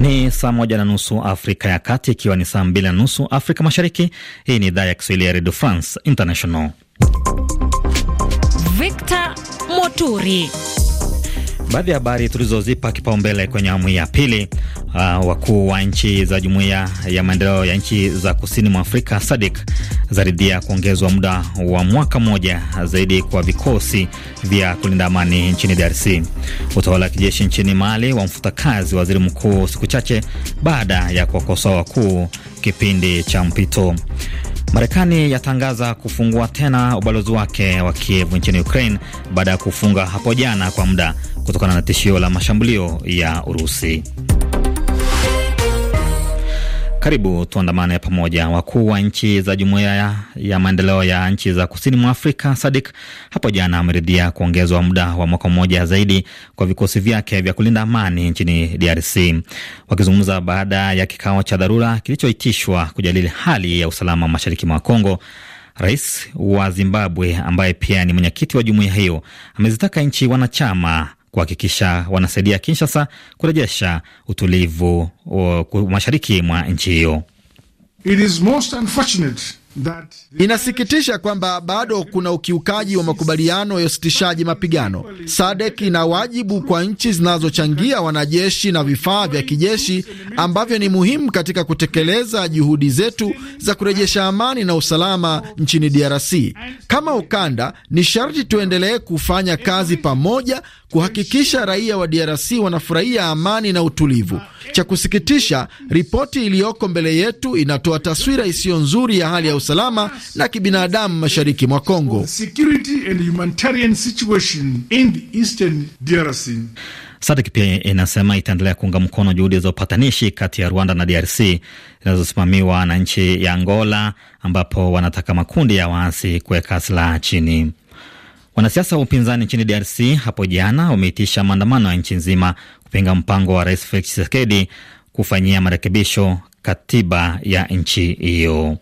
Ni saa moja na nusu Afrika ya Kati, ikiwa ni saa mbili na nusu Afrika Mashariki. Hii ni idhaa ya Kiswahili ya Redio France International. Victor Moturi. Baadhi ya habari tulizozipa kipaumbele kwenye awamu ya pili uh, wakuu wa nchi za jumuiya ya maendeleo ya nchi za kusini mwa Afrika SADC zaridhia kuongezwa muda wa mwaka mmoja zaidi kwa vikosi vya kulinda amani nchini DRC. Utawala wa kijeshi nchini Mali wamfuta kazi waziri mkuu siku chache baada ya kuwakosoa wakuu kipindi cha mpito. Marekani yatangaza kufungua tena ubalozi wake wa Kiev nchini Ukraine baada ya kufunga hapo jana kwa muda kutokana na tishio la mashambulio ya Urusi. Karibu tuandamane pamoja. Wakuu wa nchi za jumuiya ya maendeleo ya nchi za kusini mwa Afrika sadik hapo jana ameridhia kuongezwa muda wa mwaka mmoja zaidi kwa vikosi vyake vya kulinda amani nchini DRC. Wakizungumza baada ya kikao cha dharura kilichoitishwa kujadili hali ya usalama mashariki mwa Kongo, Rais wa Zimbabwe ambaye pia ni mwenyekiti wa jumuiya hiyo amezitaka nchi wanachama kuhakikisha wanasaidia Kinshasa kurejesha utulivu mashariki mwa nchi hiyo. Inasikitisha kwamba bado kuna ukiukaji wa makubaliano ya usitishaji mapigano. sadek ina wajibu kwa nchi zinazochangia wanajeshi na vifaa vya kijeshi ambavyo ni muhimu katika kutekeleza juhudi zetu za kurejesha amani na usalama nchini DRC. Kama ukanda, ni sharti tuendelee kufanya kazi pamoja kuhakikisha raia wa DRC wanafurahia amani na utulivu. Cha kusikitisha, ripoti iliyoko mbele yetu inatoa taswira isiyo nzuri ya hali ya usalama na kibinadamu mashariki mwa Kongo. Sadiki pia inasema itaendelea kuunga mkono juhudi za upatanishi kati ya Rwanda na DRC zinazosimamiwa na nchi ya Angola, ambapo wanataka makundi ya waasi kuweka silaha chini. Wanasiasa wa upinzani nchini DRC hapo jana wameitisha maandamano ya nchi nzima kupinga mpango wa Rais Felix Tshisekedi kufanyia marekebisho katiba ya nchi hiyo.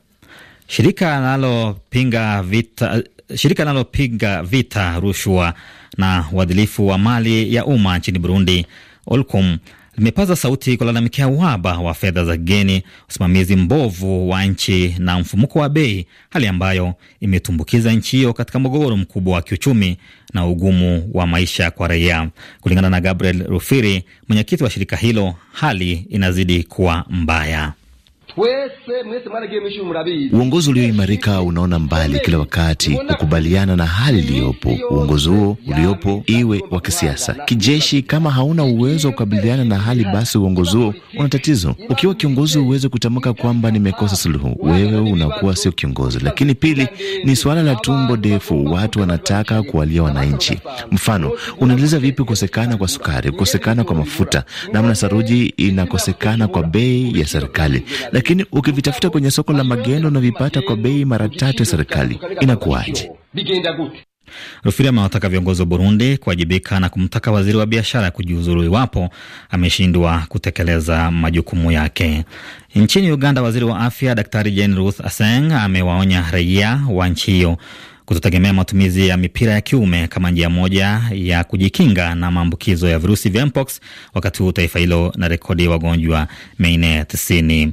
Shirika linalopinga vita, shirika linalopinga vita rushwa na uadilifu wa mali ya umma nchini Burundi, Olcom, limepaza sauti kulalamikia uhaba wa fedha za kigeni, usimamizi mbovu wa nchi na mfumuko wa bei, hali ambayo imetumbukiza nchi hiyo katika mgogoro mkubwa wa kiuchumi na ugumu wa maisha kwa raia. Kulingana na Gabriel Rufiri, mwenyekiti wa shirika hilo, hali inazidi kuwa mbaya. Uongozi ulioimarika unaona mbali kila wakati, kukubaliana na hali iliyopo. Uongozi huo uliopo, iwe wa kisiasa, kijeshi, kama hauna uwezo wa kukabiliana na hali, basi uongozi huo una tatizo. Ukiwa kiongozi uweze kutamka kwamba nimekosa suluhu, wewe unakuwa sio kiongozi. Lakini pili ni suala la tumbo ndefu, watu wanataka kuwalia wananchi. Mfano, unaeleza vipi kukosekana kwa sukari, kukosekana kwa mafuta, namna saruji inakosekana kwa bei ya serikali lakini ukivitafuta kwenye soko la magendo unavipata kwa bei mara tatu ya serikali. Inakuwaje? Rufiri amewataka viongozi wa Burundi kuwajibika na kumtaka waziri wa biashara kujiuzuru iwapo ameshindwa kutekeleza majukumu yake. Nchini Uganda, waziri wa afya Daktari Jane Ruth Aseng amewaonya raia wa nchi hiyo kutotegemea matumizi ya mipira ya kiume kama njia moja ya kujikinga na maambukizo ya virusi vya mpox, wakati huu taifa hilo na rekodi ya wagonjwa mengine tisini.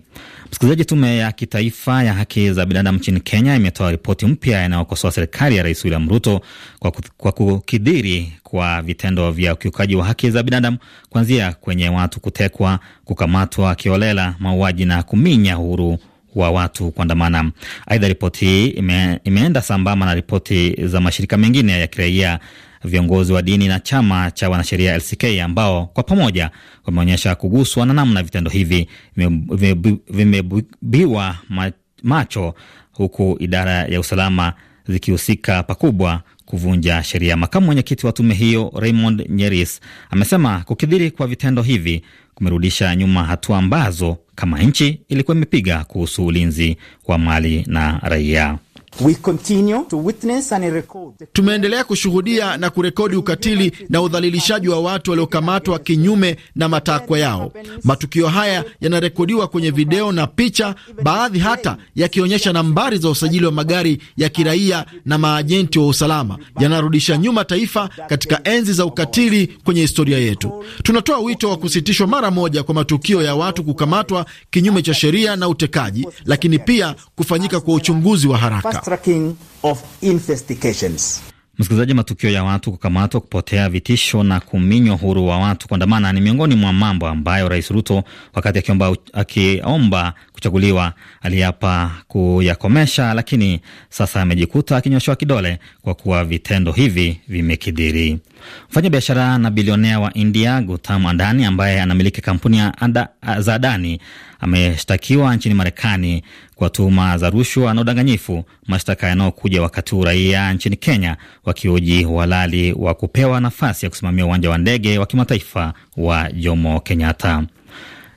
Msikilizaji, tume ya kitaifa ya haki za binadamu nchini Kenya imetoa ripoti mpya inayokosoa serikali ya Rais William Ruto kwa, kwa kukidhiri kwa vitendo vya ukiukaji wa haki za binadamu kuanzia kwenye watu kutekwa, kukamatwa kiolela, mauaji na kuminya uhuru wa watu kuandamana. Aidha, ripoti hii ime, imeenda sambamba na ripoti za mashirika mengine ya kiraia, viongozi wa dini na chama cha wanasheria LCK ambao kwa pamoja wameonyesha kuguswa na namna vitendo hivi vimebiwa macho, huku idara ya usalama zikihusika pakubwa kuvunja sheria. Makamu mwenyekiti wa tume hiyo Raymond Nyeris amesema kukidhiri kwa vitendo hivi kumerudisha nyuma hatua ambazo kama nchi ilikuwa imepiga kuhusu ulinzi wa mali na raia. Tumeendelea kushuhudia na kurekodi ukatili na udhalilishaji wa watu waliokamatwa kinyume na matakwa yao. Matukio haya yanarekodiwa kwenye video na picha, baadhi hata yakionyesha nambari za usajili wa magari ya kiraia na maajenti wa usalama. Yanarudisha nyuma taifa katika enzi za ukatili kwenye historia yetu. Tunatoa wito wa kusitishwa mara moja kwa matukio ya watu kukamatwa kinyume cha sheria na utekaji, lakini pia kufanyika kwa uchunguzi wa haraka. Msikilizaji, matukio ya watu kukamatwa, kupotea, vitisho na kuminywa huru wa watu kuandamana ni miongoni mwa mambo ambayo Rais Ruto wakati akiomba, akiomba kuchaguliwa aliapa kuyakomesha, lakini sasa amejikuta akinyoshewa kidole kwa kuwa vitendo hivi vimekidhiri. mfanya biashara na bilionea wa India Gautam Adani ambaye anamiliki kampuni za Adani ameshtakiwa nchini Marekani kwa tuhuma za rushwa na udanganyifu, mashtaka yanayokuja wakati huu raia nchini Kenya wakihoji uhalali wa kupewa nafasi ya kusimamia uwanja wa ndege wa kimataifa wa Jomo Kenyatta.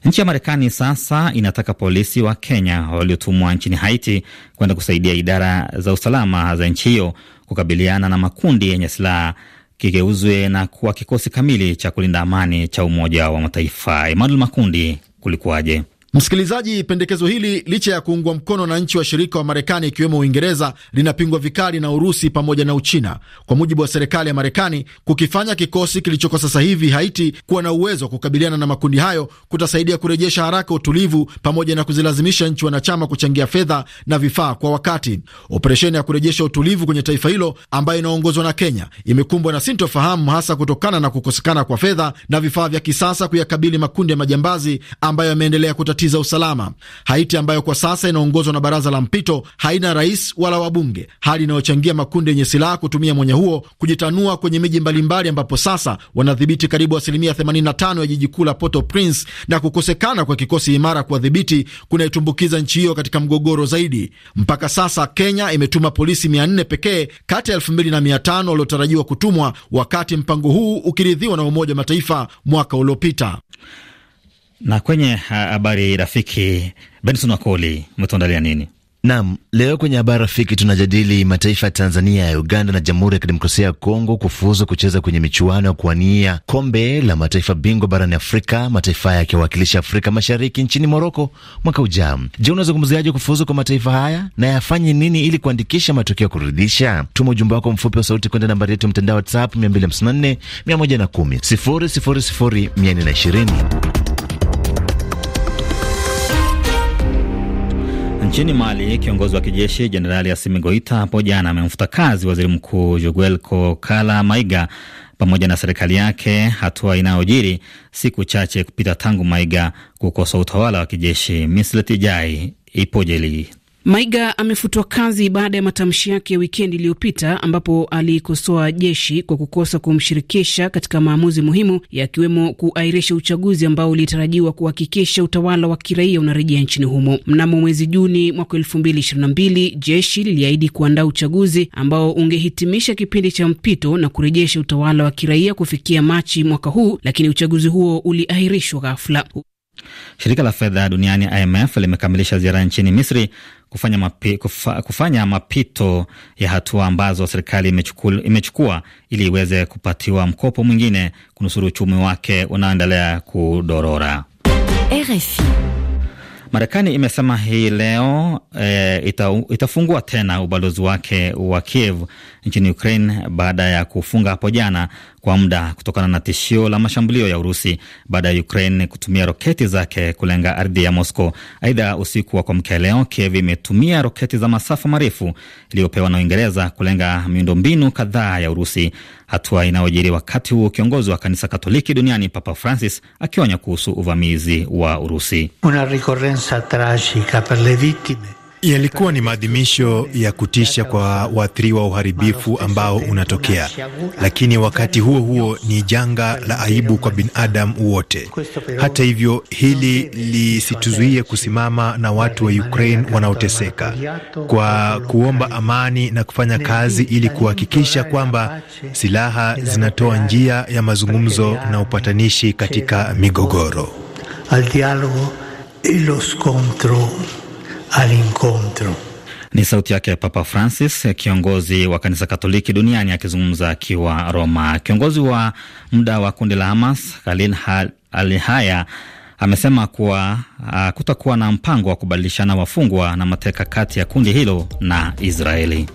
Nchi ya Marekani sasa inataka polisi wa Kenya waliotumwa nchini Haiti kwenda kusaidia idara za usalama za nchi hiyo kukabiliana na makundi yenye silaha kigeuzwe na kuwa kikosi kamili cha kulinda amani cha Umoja wa Mataifa. Emmanuel Makundi, kulikuwaje? Msikilizaji, pendekezo hili licha ya kuungwa mkono na nchi washirika wa Marekani ikiwemo Uingereza linapingwa vikali na Urusi pamoja na Uchina. Kwa mujibu wa serikali ya Marekani, kukifanya kikosi kilichoko sasa hivi Haiti kuwa na uwezo wa kukabiliana na makundi hayo kutasaidia kurejesha haraka utulivu pamoja na kuzilazimisha nchi wanachama kuchangia fedha na vifaa kwa wakati. Operesheni ya kurejesha utulivu kwenye taifa hilo ambayo inaongozwa na Kenya imekumbwa na sintofahamu, hasa kutokana na kukosekana kwa fedha na vifaa vya kisasa kuyakabili makundi ya majambazi ambayo yameendelea kutatia kamati za usalama. Haiti ambayo kwa sasa inaongozwa na baraza la mpito haina rais wala wabunge, hali inayochangia makundi yenye silaha kutumia mwenye huo kujitanua kwenye miji mbalimbali, ambapo sasa wanadhibiti karibu asilimia 85 ya jiji kuu la Port-au-Prince, na kukosekana kwa kikosi imara kuwadhibiti kunaitumbukiza nchi hiyo katika mgogoro zaidi. Mpaka sasa Kenya imetuma polisi 400 pekee kati ya 2500 waliotarajiwa kutumwa wakati mpango huu ukiridhiwa na Umoja wa Mataifa mwaka uliopita. Na kwenye habari rafiki, Benson Wakoli umetuandalia nini? nam leo kwenye habari rafiki tunajadili mataifa ya Tanzania ya Uganda na Jamhuri ya Kidemokrasia ya Kongo kufuzu kucheza kwenye michuano ya kuwania kombe la mataifa bingwa barani Afrika, mataifa haya yakiwakilisha Afrika Mashariki nchini Moroko mwaka ujao. Je, unazungumziaje kufuzu kwa mataifa haya na yafanye nini ili kuandikisha matokeo ya kuridhisha? Tuma ujumbe wako mfupi wa sauti kwenda nambari yetu ya mtandao WhatsApp 254 110 000 420. Nchini Mali, kiongozi wa kijeshi Jenerali Asimi Goita hapo jana amemfuta kazi waziri mkuu Joguel Kokala Maiga pamoja na serikali yake, hatua inayojiri siku chache kupita tangu Maiga kukosa utawala wa kijeshi. Misleti Jai ipoje Maiga amefutwa kazi baada ya matamshi yake ya wikendi iliyopita ambapo alikosoa jeshi kwa kukosa kumshirikisha katika maamuzi muhimu yakiwemo kuairisha uchaguzi ambao ulitarajiwa kuhakikisha utawala wa kiraia unarejea nchini humo. Mnamo mwezi Juni mwaka mbili jeshi liliahidi kuandaa uchaguzi ambao ungehitimisha kipindi cha mpito na kurejesha utawala wa kiraia kufikia Machi mwaka huu, lakini uchaguzi huo uliahirishwa ghafla. Shirika la fedha duniani IMF limekamilisha ziara nchini Misri kufanya, mapi, kufa, kufanya mapito ya hatua ambazo serikali imechukua ili iweze kupatiwa mkopo mwingine kunusuru uchumi wake unaoendelea kudorora. RFI. Marekani imesema hii leo e, ita, itafungua tena ubalozi wake wa Kiev nchini Ukraine baada ya kufunga hapo jana kwa muda kutokana na tishio la mashambulio ya Urusi baada ya Ukraine kutumia roketi zake kulenga ardhi ya Moscow. Aidha, usiku wa kuamkia leo Kiev imetumia roketi za masafa marefu iliyopewa na Uingereza kulenga miundombinu kadhaa ya Urusi hatua inayojiri wakati huo kiongozi wa kanisa Katoliki duniani Papa Francis akionya kuhusu uvamizi wa Urusi. Una ricorrenza tragica per le vittime Yalikuwa ni maadhimisho ya kutisha kwa waathiriwa wa uharibifu ambao unatokea, lakini wakati huo huo ni janga la aibu kwa binadamu wote. Hata hivyo, hili lisituzuie kusimama na watu wa Ukraine wanaoteseka kwa kuomba amani na kufanya kazi ili kuhakikisha kwamba silaha zinatoa njia ya mazungumzo na upatanishi katika migogoro all'incontro. Ni sauti yake Papa Francis, kiongozi wa kanisa Katoliki duniani akizungumza akiwa Roma. Kiongozi wa muda wa kundi la Hamas Khalil Al-Hayya amesema kuwa uh, kutakuwa na mpango wa kubadilishana wafungwa na mateka kati ya kundi hilo na Israeli.